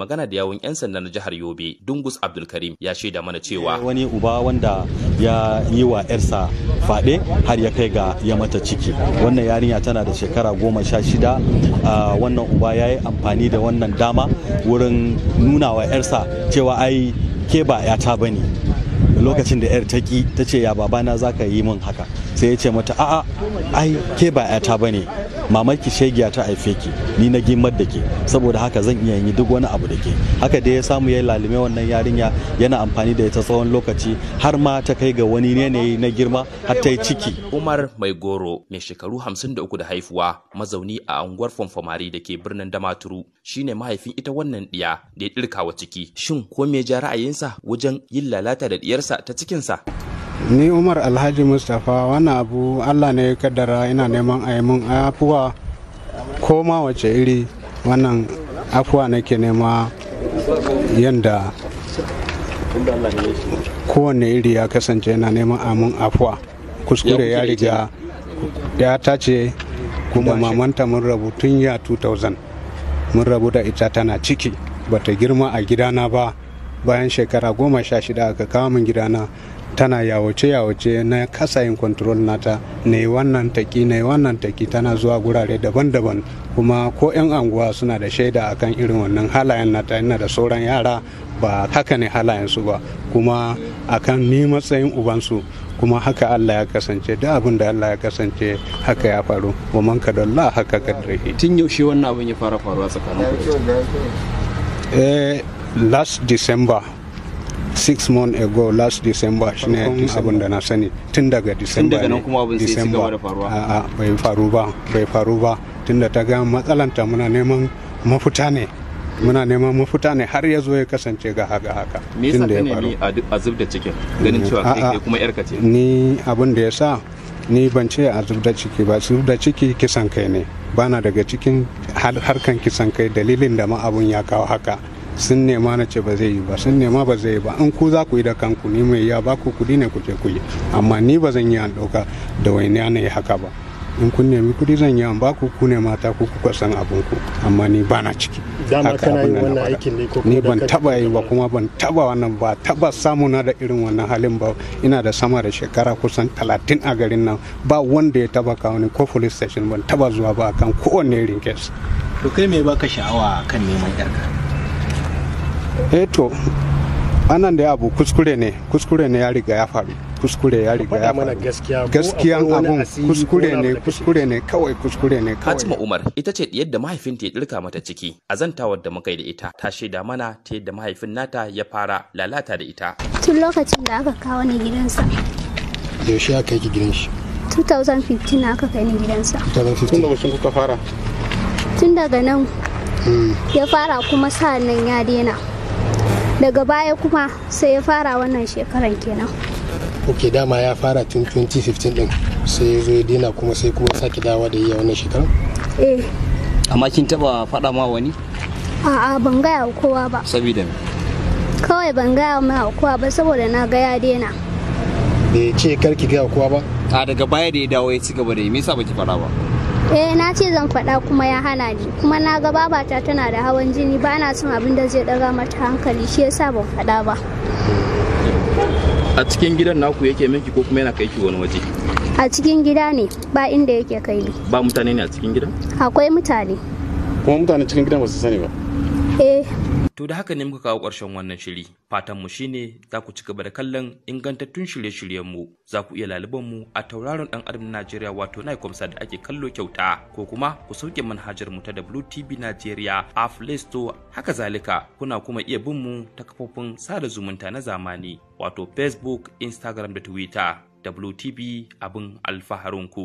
magana da yawun 'yan sanda na jihar yobe dungus abdulkarim ya shaida mana cewa eh, wani uba wanda ya yi wa 'yarsa fade har ya kai ga ya mata ciki wannan yarinya tana da shekara goma sha shida ah, wannan uba ya yi amfani da wannan dama wurin nuna wa 'yarsa cewa ai ke ba 'yata ba ne lokacin da 'yar ta ki ta ce ya babana za ka yi min haka sai ya ce mata a'a ai ke ba 'yata ba ne mamaki shegiya ta haife ki ni na gimar da ke saboda haka zan iya yi duk wani abu da ke haka dai ya samu ya lalime wannan yarinya yana amfani da ita tsawon lokaci har ma ta kai ga wani yanayi na girma har ta yi ciki umar mai goro mai shekaru 53 da haifuwa mazauni a unguwar fomfamari da ke birnin damaturu shine mahaifin ita wannan ɗiya da ya ɗirkawa ciki shin ko me ja ra'ayinsa wajen yin lalata da diyarsa ta cikinsa ni umar alhaji mustapha wannan abu allah ne ya kaddara ina neman a yi mun afuwa ko ma wace iri wannan afuwa nake nema yadda kowane iri ya kasance yana neman mun afuwa kuskure ya riga ya tace kuma mamanta mun rabu tun ya 2000 mun rabu da ita tana ciki bata girma a gidana ba bayan shekara goma sha shida aka kawo min gidana tana yawace-yawace na kasa yin kontrol nata ne wannan taki ne wannan taki tana zuwa gurare daban-daban kuma ko 'yan anguwa suna da shaida akan irin wannan halayen nata yana da sauran yara ba haka ne halayensu ba kuma akan ni matsayin ubansu kuma haka Allah ya kasance da abin da Allah ya kasance haka ya faru wa man dalla haka kadrihi tun yaushe wannan abin ya fara faruwa tsakanin eh last december six months ago last december shine abin da na sani tun daga december tun daga nan kuma abin sai a'a bai faru ba bai faru ba tun da ta matsalanta muna neman mafuta ne muna neman mafuta ne har ya zo ya kasance ga haka haka tun yasa ka nemi a zub da cikin ganin cewa kai kuma yarka ce ni abin da yasa ni ban ce a zub da ciki ba zub da ciki kisan kai ne bana daga cikin harkan kisan kai dalilin da ma abun ya kawo haka sun nema na ce ba zai yi ba sun nema ba zai yi ba in ku za ku yi da kanku ni mai ya ba ku kudi ne ku ku yi amma ni ba zan yi an ɗauka da wani na yi haka ba in kun nemi kudi zan yi an ba ku ku ne mata ku kuka san abin ku amma ni ba na ciki dama kana yin wannan aikin ne ko ni ban taba yi ba kuma ban taba wannan ba taba samu na da irin wannan halin ba ina da sama da shekara kusan 30 a garin nan ba wanda ya taba kawo ni ko police station ban taba zuwa ba akan kowanne irin case to kai me baka sha'awa kan neman yarka eto eh anan da abu kuskure ne kuskure ne ya riga ya faru kuskure ya riga ya faru gaskiyan abun kuskure ne kuskure ne kawai kuskure ne kawai Fatima Umar ita ce yadda mahaifinta ya dirka mata ciki azantawar da muka yi da ita ta shaida mana ta yadda mahaifin nata ya fara lalata da ita tun lokacin da aka kawo ni gidansa yaushe aka yi gidan shi 2015 aka kai ni gidansa 2015 tun da bashin kuka fara tun daga nan hmm. ya fara kuma sa'an nan ya daina daga baya kuma sai ya fara wannan shekaran kenan ok dama ya fara tun 2015 din sai zo ya dina kuma sai kuma sake dawa da iya wannan shekaran eh amma kin taba faɗa ma wani a'a ban gaya wa kowa ba saboda me kawai ban gaya ma wa kowa ba saboda na ga ya dena bai ce karki gaya wa kowa ba a daga baya da ya dawo ya ci gaba da yi me yasa baki fara ba eh na ce zan faɗa kuma ya hana ni kuma na ga babata tana da hawan jini ba na son abin da zai ɗaga mata hankali shi yasa ban faɗa ba a cikin gidan naku yake miki ko kuma yana kai ki wani waje a cikin gida ne ba inda yake kai ni ba mutane ne a cikin gidan akwai mutane kuma mutane cikin gidan ba su sani ba To da haka ne muka kawo ƙarshen wannan shiri. Fatanmu shine za ku ci gaba da kallon ingantattun shirye-shiryenmu. Za ku iya laliban mu a tauraron ɗan adam Najeriya wato na'ikamsa da ake kallo kyauta ko kuma ku sauke manhajar mu ta WTB Najeriya a Play Store. Haka zalika kuna kuma iya binmu ta kafofin sada zumunta na zamani wato Facebook, Instagram da Twitter. WTB abin alfaharinku.